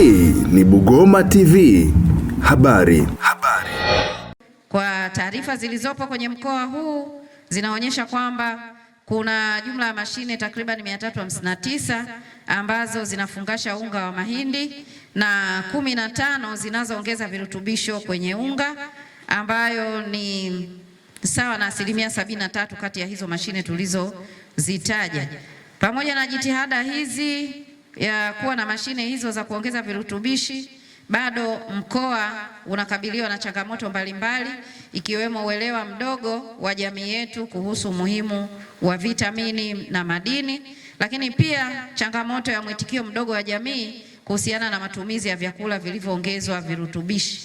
Hii ni Bugoma TV. Habari. Habari. Kwa taarifa zilizopo kwenye mkoa huu zinaonyesha kwamba kuna jumla ya mashine takriban 359 ambazo zinafungasha unga wa mahindi na kumi na tano zinazoongeza virutubisho kwenye unga ambayo ni sawa na asilimia sabini tatu kati ya hizo mashine tulizozitaja. Pamoja na jitihada hizi ya kuwa na mashine hizo za kuongeza virutubishi, bado mkoa unakabiliwa na changamoto mbalimbali ikiwemo uelewa mdogo wa jamii yetu kuhusu umuhimu wa vitamini na madini, lakini pia changamoto ya mwitikio mdogo wa jamii kuhusiana na matumizi ya vyakula vilivyoongezwa virutubishi.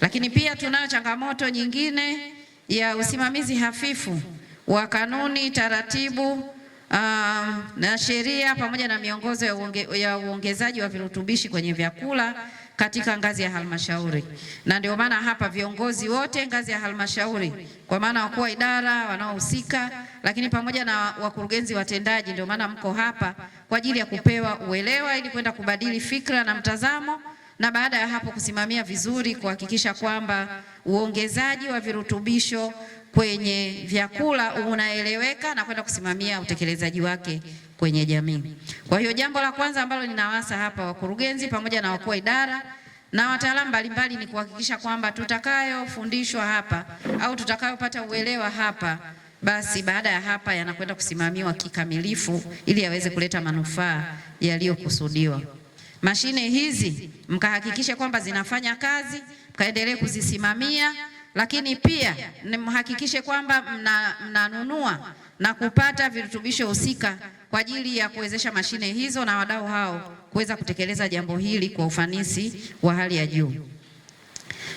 Lakini pia tunayo changamoto nyingine ya usimamizi hafifu wa kanuni, taratibu Uh, um, na sheria pamoja na miongozo ya, uonge, ya uongezaji wa virutubishi kwenye vyakula katika ngazi ya halmashauri, na ndio maana hapa viongozi wote ngazi ya halmashauri kwa maana wakuu wa idara wanaohusika, lakini pamoja na wakurugenzi watendaji, ndio maana mko hapa kwa ajili ya kupewa uelewa ili kwenda kubadili fikra na mtazamo, na baada ya hapo kusimamia vizuri kuhakikisha kwamba uongezaji wa virutubisho kwenye vyakula unaeleweka na kwenda kusimamia utekelezaji wake kwenye jamii. Kwa hiyo jambo la kwanza ambalo ninawasa hapa wakurugenzi pamoja na wakuu wa idara na wataalamu mbalimbali ni kuhakikisha kwamba tutakayofundishwa hapa au tutakayopata uelewa hapa basi baada ya hapa yanakwenda kusimamiwa kikamilifu ili yaweze kuleta manufaa yaliyokusudiwa. Mashine hizi mkahakikishe kwamba zinafanya kazi, mkaendelee kuzisimamia lakini pia nimhakikishe kwamba mnanunua mna na kupata virutubisho husika kwa ajili ya kuwezesha mashine hizo na wadau hao kuweza kutekeleza jambo hili kwa ufanisi wa hali ya juu.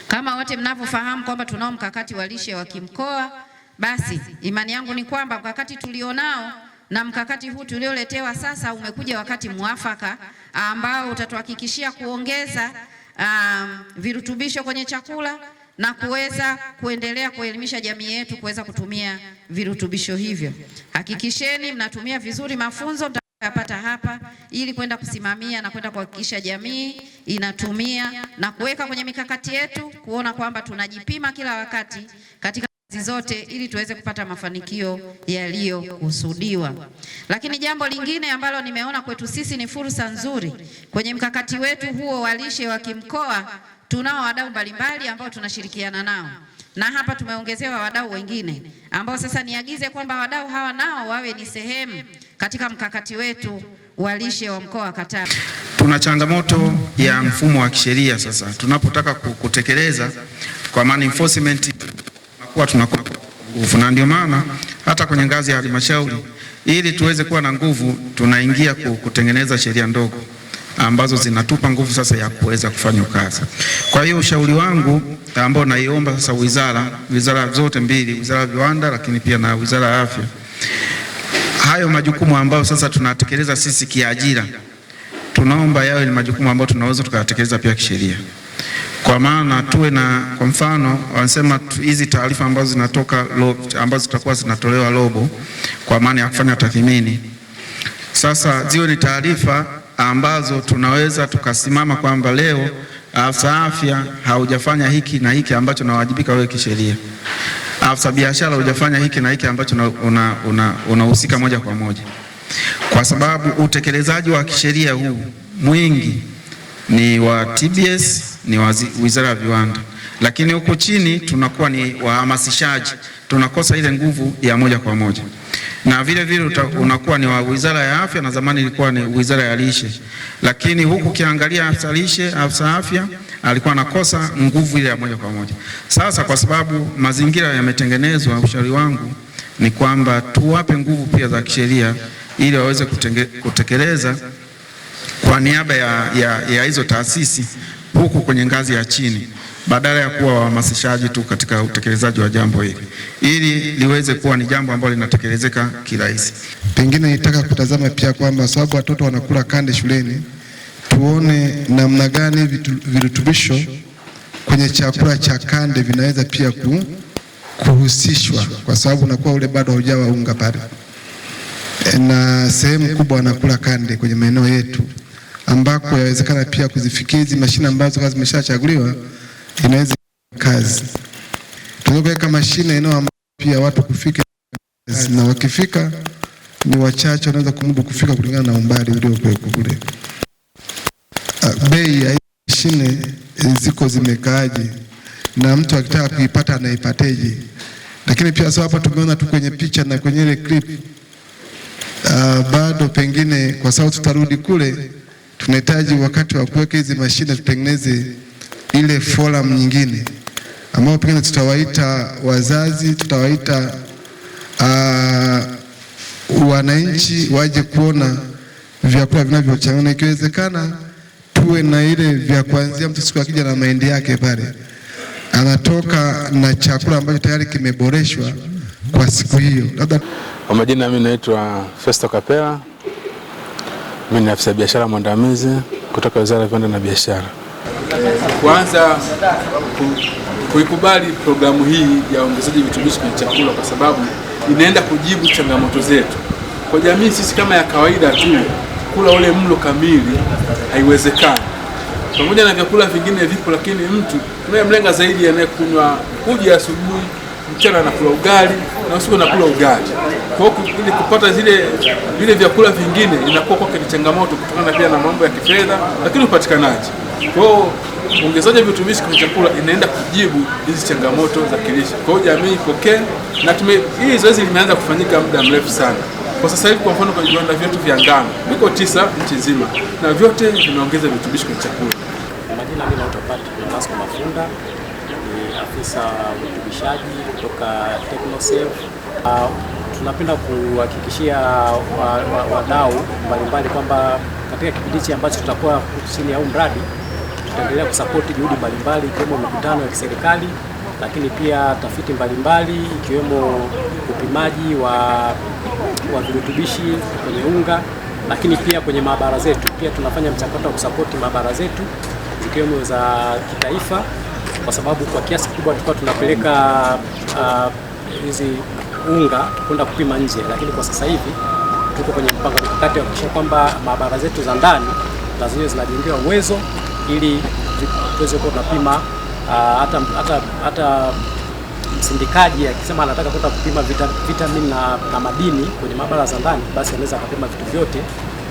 Kama wote mnavyofahamu kwamba tunao mkakati wa lishe wa kimkoa, basi imani yangu ni kwamba mkakati tulionao na mkakati huu tulioletewa sasa umekuja wakati mwafaka ambao utatuhakikishia kuongeza um, virutubisho kwenye chakula na kuweza kuendelea kuelimisha jamii yetu kuweza kutumia virutubisho hivyo. Hakikisheni mnatumia vizuri mafunzo mtakayopata hapa ili kwenda kusimamia na kwenda kuhakikisha jamii inatumia na kuweka kwenye mikakati yetu kuona kwamba tunajipima kila wakati katika kazi zote ili tuweze kupata mafanikio yaliyokusudiwa. Lakini jambo lingine ambalo nimeona kwetu sisi ni fursa nzuri kwenye mkakati wetu huo wa lishe wa kimkoa tunao wadau mbalimbali ambao tunashirikiana nao na hapa tumeongezewa wadau wengine ambao sasa niagize kwamba wadau hawa nao wawe ni sehemu katika mkakati wetu wa lishe wa mkoa wa Katavi. Tuna changamoto ya mfumo wa kisheria sasa tunapotaka kutekeleza, kwa maana enforcement tunakuwa tunakuwa nguvu, na ndio maana hata kwenye ngazi ya halmashauri, ili tuweze kuwa na nguvu, tunaingia kutengeneza sheria ndogo ambazo zinatupa nguvu sasa ya kuweza kufanya kazi. Kwa hiyo ushauri wangu ambao naiomba sasa wizara wizara zote mbili, wizara ya viwanda lakini pia na wizara ya afya, hayo majukumu ambayo sasa tunatekeleza sisi kiajira, tunaomba yawe ni majukumu ambayo tunaweza tukayatekeleza pia kisheria, kwa maana tuwe na, kwa mfano wanasema hizi taarifa ambazo zinatoka ambazo zitakuwa zinatolewa robo, kwa maana ya kufanya tathmini, sasa ziwe ni taarifa ambazo tunaweza tukasimama kwamba leo afisa afya haujafanya hiki na hiki ambacho unawajibika wewe kisheria, afisa biashara hujafanya hiki na hiki ambacho unahusika una, una moja kwa moja, kwa sababu utekelezaji wa kisheria huu mwingi ni wa TBS ni wa Wizara ya Viwanda, lakini huko chini tunakuwa ni wahamasishaji, tunakosa ile nguvu ya moja kwa moja na vile vile uta, unakuwa ni wa Wizara ya Afya na zamani ilikuwa ni Wizara ya Lishe, lakini huku ukiangalia afisa lishe, afisa afya alikuwa anakosa nguvu ile ya moja kwa moja. Sasa kwa sababu mazingira yametengenezwa, ushauri wangu ni kwamba tuwape nguvu pia za kisheria ili waweze kutekeleza kwa niaba ya hizo taasisi huku kwenye ngazi ya chini badala ya kuwa wahamasishaji tu katika utekelezaji wa jambo hili, ili liweze kuwa ni jambo ambalo linatekelezeka kirahisi. Pengine nitaka kutazama pia kwamba sababu watoto wanakula kande shuleni, tuone namna gani virutubisho kwenye chakula cha kande vinaweza pia ku, kuhusishwa kwa sababu unakuwa ule bado haujawa unga pale, na sehemu kubwa wanakula kande kwenye maeneo yetu ambako yawezekana pia kuzifikia hizi mashine ambazo zimeshachaguliwa inaweza kazi. Tunaweza mashine eneo ambapo pia watu kufika kazi, na wakifika ni wachache wanaweza kumudu kufika kulingana na umbali uliokuwepo kule. Ah, bei ya mashine eh, ziko zimekaaje, na mtu akitaka kuipata anaipateje? Lakini pia sasa hapa tumeona tu kwenye picha na kwenye ile clip uh, bado pengine kwa sababu tutarudi kule, tunahitaji wakati wa kuweka hizi mashine tutengeneze ile forum nyingine ambao pengine tutawaita wazazi, tutawaita uh, wananchi waje kuona vyakula vinavyochangana, ikiwezekana tuwe na ile vya kuanzia mtu siku akija na mahindi yake pale anatoka na chakula ambacho tayari kimeboreshwa kwa siku hiyo. Labda kwa majina, mimi naitwa Festo Kapela, mimi ni afisa biashara mwandamizi kutoka Wizara ya Viwanda na Biashara kuanza kuikubali programu hii ya uongezaji virutubishi kwenye chakula, kwa sababu inaenda kujibu changamoto zetu kwa jamii. Sisi kama ya kawaida tu kula ule mlo kamili haiwezekani, pamoja na vyakula vingine vipo, lakini mtu unayemlenga zaidi anayekunywa uji asubuhi, mchana anakula ugali na usiku anakula ugali. Kwa hiyo ili kupata zile vile vyakula vingine inakuwa kwake ni changamoto, kutokana pia na mambo ya kifedha, lakini upatikanaji kwa hiyo ongezaji wa virutubishi kwenye chakula inaenda kujibu hizi changamoto za kilishe. Kwa hiyo jamii ipokee, na tume hii zoezi limeanza kufanyika muda mrefu sana. Kwa sasa hivi, kwa mfano, kwenye viwanda vyetu vya ngano viko tisa nchi nzima, na vyote vimeongeza virutubishi kwenye chakula. Majina mimi naitwa Patrick Damasco Mafunda, ni afisa urutubishaji kutoka TechnoServe. Uh, ah, tunapenda kuhakikishia wadau wa, wa mbalimbali kwamba katika kipindi hichi ambacho tutakuwa chini ya huu mradi tutaendelea kusapoti juhudi mbalimbali ikiwemo mikutano ya kiserikali, lakini pia tafiti mbalimbali ikiwemo upimaji wa, wa virutubishi kwenye unga, lakini pia kwenye maabara zetu. Pia tunafanya mchakato wa kusapoti maabara zetu zikiwemo za kitaifa, kwa sababu kwa kiasi kikubwa tulikuwa tunapeleka ah, hizi uh, unga kwenda kupima nje, lakini kwa sasa hivi tuko kwenye mpango mkakati wa kuhakikisha kwamba maabara zetu za ndani na zenyewe zinajengewa uwezo ili tuweze kuwa tunapima ah, hata hata hata msindikaji akisema anataka kwenda kupima vita, vitamini na, na madini kwenye maabara za ndani, basi anaweza akapima vitu vyote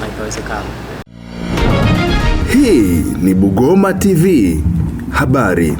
na ikawezekana. Hii ni Bugoma TV habari.